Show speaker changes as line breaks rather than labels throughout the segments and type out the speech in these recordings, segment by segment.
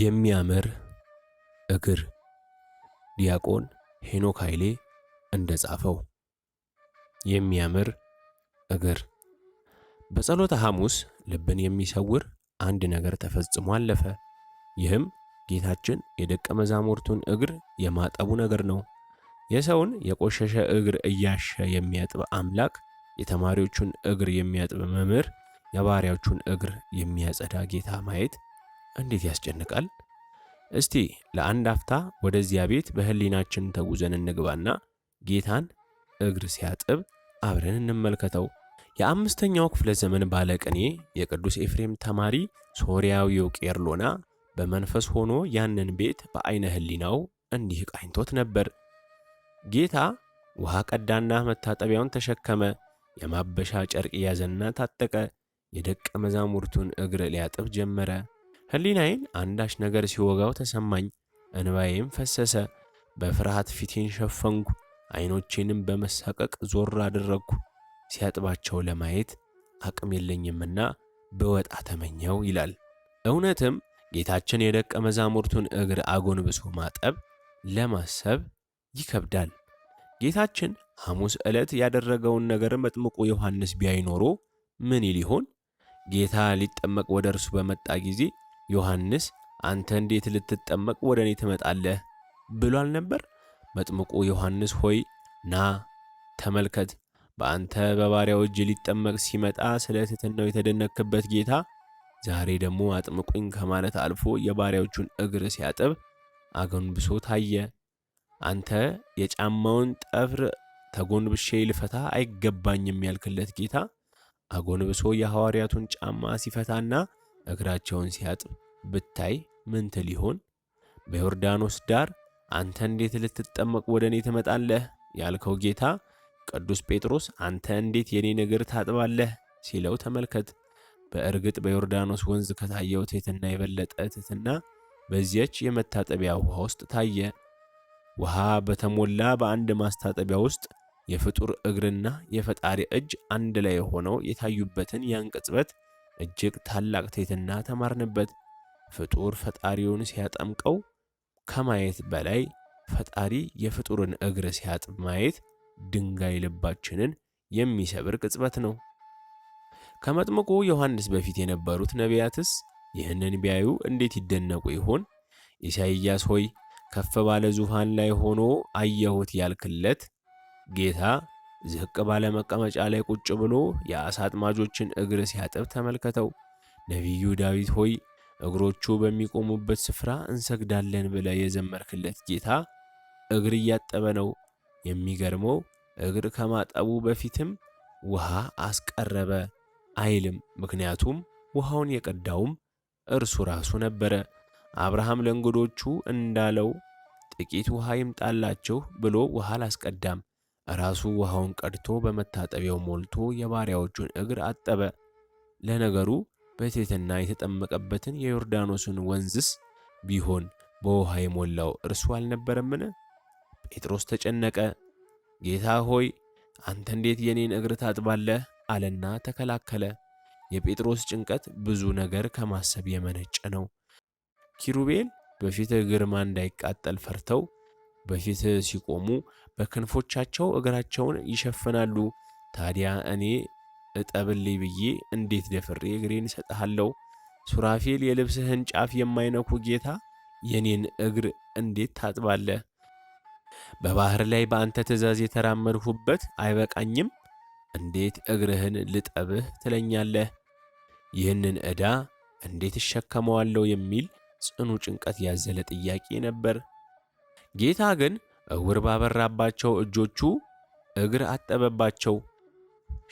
የሚያምር እግር ዲያቆን ሄኖክ ኃይሌ እንደጻፈው የሚያምር እግር በጸሎተ ሐሙስ ልብን የሚሰውር አንድ ነገር ተፈጽሞ አለፈ። ይህም ጌታችን የደቀ መዛሙርቱን እግር የማጠቡ ነገር ነው። የሰውን የቆሸሸ እግር እያሸ የሚያጥብ አምላክ የተማሪዎቹን እግር የሚያጥብ መምህር፣ የባሪያዎቹን እግር የሚያጸዳ ጌታ ማየት እንዴት ያስጨንቃል! እስቲ ለአንድ አፍታ ወደዚያ ቤት በህሊናችን ተጉዘን እንግባና ጌታን እግር ሲያጥብ አብረን እንመልከተው። የአምስተኛው ክፍለ ዘመን ባለቅኔ የቅዱስ ኤፍሬም ተማሪ ሶርያዊው ቄርሎና በመንፈስ ሆኖ ያንን ቤት በአይነ ህሊናው እንዲህ ቃኝቶት ነበር። ጌታ ውሃ ቀዳና መታጠቢያውን ተሸከመ፣ የማበሻ ጨርቅ ያዘና ታጠቀ፣ የደቀ መዛሙርቱን እግር ሊያጥብ ጀመረ። ህሊናዬን አንዳች ነገር ሲወጋው ተሰማኝ። እንባዬም ፈሰሰ። በፍርሃት ፊቴን ሸፈንኩ። ዐይኖቼንም በመሳቀቅ ዞር አደረግኩ። ሲያጥባቸው ለማየት አቅም የለኝምና በወጣ ተመኘው ይላል። እውነትም ጌታችን የደቀ መዛሙርቱን እግር አጎንብሶ ማጠብ ለማሰብ ይከብዳል። ጌታችን ሐሙስ ዕለት ያደረገውን ነገር መጥምቁ ዮሐንስ ቢያይ ምን ይል ይሆን? ጌታ ሊጠመቅ ወደ እርሱ በመጣ ጊዜ ዮሐንስ አንተ እንዴት ልትጠመቅ ወደ እኔ ትመጣለህ ብሏል ነበር? መጥምቁ ዮሐንስ ሆይ ና ተመልከት፣ በአንተ በባሪያው እጅ ሊጠመቅ ሲመጣ ስለ ትሕትናው የተደነክበት ጌታ ዛሬ ደግሞ አጥምቁኝ ከማለት አልፎ የባሪያዎቹን እግር ሲያጥብ አጎንብሶ ታየ። አንተ የጫማውን ጠፍር ተጎንብሼ ልፈታ አይገባኝም ያልክለት ጌታ አጎንብሶ የሐዋርያቱን ጫማ ሲፈታና እግራቸውን ሲያጥብ ብታይ ምን ትል ይሆን? በዮርዳኖስ ዳር አንተ እንዴት ልትጠመቅ ወደ እኔ ትመጣለህ ያልከው ጌታ ቅዱስ ጴጥሮስ አንተ እንዴት የኔን እግር ታጥባለህ ሲለው ተመልከት። በእርግጥ በዮርዳኖስ ወንዝ ከታየው ትሕትና የበለጠ ትሕትና በዚያች የመታጠቢያ ውሃ ውስጥ ታየ። ውሃ በተሞላ በአንድ ማስታጠቢያ ውስጥ የፍጡር እግርና የፈጣሪ እጅ አንድ ላይ ሆነው የታዩበትን ያን ቅጽበት እጅግ ታላቅ ትሕትና ተማርንበት። ፍጡር ፈጣሪውን ሲያጠምቀው ከማየት በላይ ፈጣሪ የፍጡርን እግር ሲያጥብ ማየት ድንጋይ ልባችንን የሚሰብር ቅጽበት ነው። ከመጥምቁ ዮሐንስ በፊት የነበሩት ነቢያትስ ይህንን ቢያዩ እንዴት ይደነቁ ይሆን? ኢሳይያስ ሆይ ከፍ ባለ ዙፋን ላይ ሆኖ አየሁት ያልክለት ጌታ ዝቅ ባለ መቀመጫ ላይ ቁጭ ብሎ የአሳ አጥማጆችን እግር ሲያጥብ ተመልከተው። ነቢዩ ዳዊት ሆይ እግሮቹ በሚቆሙበት ስፍራ እንሰግዳለን ብለ የዘመርክለት ጌታ እግር እያጠበ ነው። የሚገርመው እግር ከማጠቡ በፊትም ውሃ አስቀረበ አይልም። ምክንያቱም ውሃውን የቀዳውም እርሱ ራሱ ነበረ። አብርሃም ለእንግዶቹ እንዳለው ጥቂት ውሃ ይምጣላችሁ ብሎ ውሃ አላስቀዳም። ራሱ ውሃውን ቀድቶ በመታጠቢያው ሞልቶ የባሪያዎቹን እግር አጠበ። ለነገሩ በትሕትና የተጠመቀበትን የዮርዳኖስን ወንዝስ ቢሆን በውሃ የሞላው እርሱ አልነበረምን? ጴጥሮስ ተጨነቀ። ጌታ ሆይ አንተ እንዴት የኔን እግር ታጥባለህ? አለና ተከላከለ። የጴጥሮስ ጭንቀት ብዙ ነገር ከማሰብ የመነጨ ነው። ኪሩቤል በፊትህ ግርማ እንዳይቃጠል ፈርተው በፊት ሲቆሙ በክንፎቻቸው እግራቸውን ይሸፍናሉ። ታዲያ እኔ እጠብልይ ብዬ እንዴት ደፍሬ እግሬን እሰጥሃለሁ? ሱራፌል የልብስህን ጫፍ የማይነኩ ጌታ የኔን እግር እንዴት ታጥባለህ? በባህር ላይ በአንተ ትእዛዝ የተራመድሁበት አይበቃኝም? እንዴት እግርህን ልጠብህ ትለኛለህ? ይህንን ዕዳ እንዴት እሸከመዋለሁ የሚል ጽኑ ጭንቀት ያዘለ ጥያቄ ነበር። ጌታ ግን እውር ባበራባቸው እጆቹ እግር አጠበባቸው።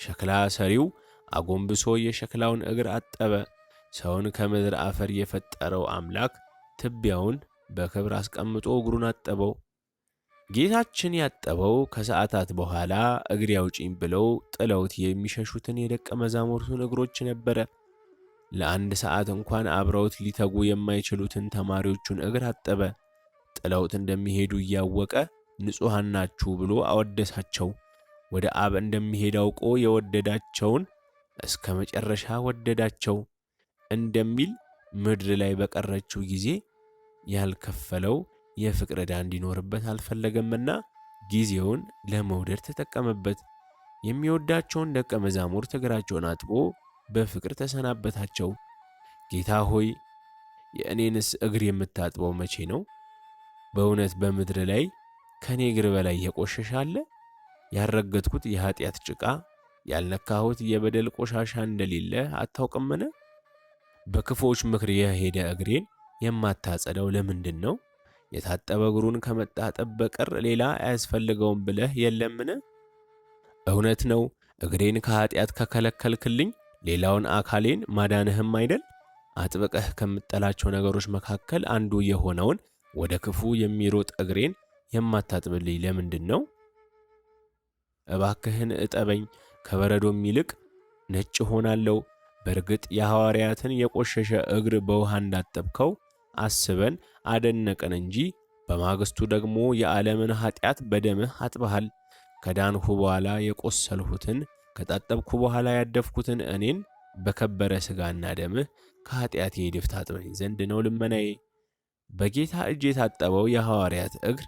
ሸክላ ሰሪው አጎንብሶ የሸክላውን እግር አጠበ። ሰውን ከምድር አፈር የፈጠረው አምላክ ትቢያውን በክብር አስቀምጦ እግሩን አጠበው። ጌታችን ያጠበው ከሰዓታት በኋላ እግር አውጪኝ ብለው ጥለውት የሚሸሹትን የደቀ መዛሙርቱን እግሮች ነበረ። ለአንድ ሰዓት እንኳን አብረውት ሊተጉ የማይችሉትን ተማሪዎቹን እግር አጠበ። ጥለውት እንደሚሄዱ እያወቀ ንጹሐን ናችሁ ብሎ አወደሳቸው። ወደ አብ እንደሚሄድ አውቆ የወደዳቸውን እስከ መጨረሻ ወደዳቸው እንደሚል ምድር ላይ በቀረችው ጊዜ ያልከፈለው የፍቅር ዕዳ እንዲኖርበት አልፈለገምና ጊዜውን ለመውደድ ተጠቀመበት። የሚወዳቸውን ደቀ መዛሙር እግራቸውን አጥቦ በፍቅር ተሰናበታቸው። ጌታ ሆይ የእኔንስ እግር የምታጥበው መቼ ነው? በእውነት በምድር ላይ ከእኔ እግር በላይ የቆሸሸ አለ? ያረገጥኩት የኃጢአት ጭቃ ያልነካሁት የበደል ቆሻሻ እንደሌለ አታውቅምን? በክፎች ምክር የሄደ እግሬን የማታጸዳው ለምንድን ነው? የታጠበ እግሩን ከመጣጠብ በቀር ሌላ አያስፈልገውም ብለህ የለምን? እውነት ነው፣ እግሬን ከኃጢአት ከከለከልክልኝ ሌላውን አካሌን ማዳንህም አይደል? አጥብቀህ ከምጠላቸው ነገሮች መካከል አንዱ የሆነውን ወደ ክፉ የሚሮጥ እግሬን የማታጥብልኝ ለምንድን ነው? እባክህን እጠበኝ፣ ከበረዶም ይልቅ ነጭ ሆናለሁ። በእርግጥ የሐዋርያትን የቆሸሸ እግር በውሃ እንዳጠብከው አስበን አደነቀን እንጂ በማግስቱ ደግሞ የዓለምን ኃጢአት በደምህ አጥበሃል። ከዳንሁ በኋላ የቆሰልሁትን ከጣጠብኩ በኋላ ያደፍኩትን እኔን በከበረ ሥጋና ደምህ ከኃጢአቴ ድፍት አጥበኝ ዘንድ ነው ልመናዬ። በጌታ እጅ የታጠበው የሐዋርያት እግር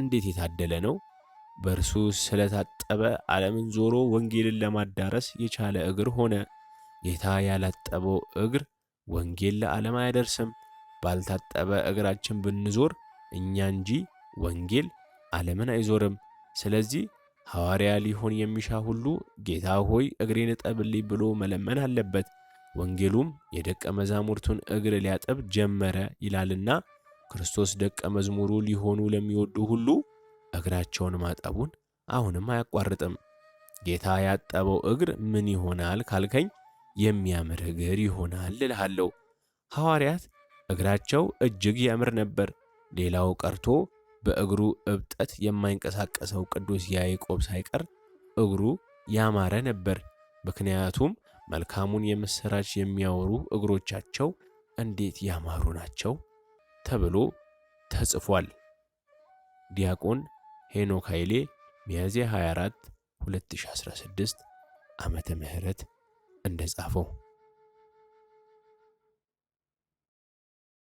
እንዴት የታደለ ነው! በእርሱ ስለታጠበ ዓለምን ዞሮ ወንጌልን ለማዳረስ የቻለ እግር ሆነ። ጌታ ያላጠበው እግር ወንጌል ለዓለም አያደርስም። ባልታጠበ እግራችን ብንዞር እኛ እንጂ ወንጌል ዓለምን አይዞርም። ስለዚህ ሐዋርያ ሊሆን የሚሻ ሁሉ ጌታ ሆይ እግሬን እጠብልኝ ብሎ መለመን አለበት። ወንጌሉም የደቀ መዛሙርቱን እግር ሊያጠብ ጀመረ ይላልና ክርስቶስ ደቀ መዝሙሩ ሊሆኑ ለሚወዱ ሁሉ እግራቸውን ማጠቡን አሁንም አያቋርጥም። ጌታ ያጠበው እግር ምን ይሆናል ካልከኝ የሚያምር እግር ይሆናል እልሃለሁ። ሐዋርያት እግራቸው እጅግ ያምር ነበር። ሌላው ቀርቶ በእግሩ እብጠት የማይንቀሳቀሰው ቅዱስ ያዕቆብ ሳይቀር እግሩ ያማረ ነበር። ምክንያቱም መልካሙን የምሥራች የሚያወሩ እግሮቻቸው እንዴት ያማሩ ናቸው ተብሎ ተጽፏል። ዲያቆን ሄኖክ ኃይሌ ሚያዝያ 24 2016 ዓመተ ምህረት እንደጻፈው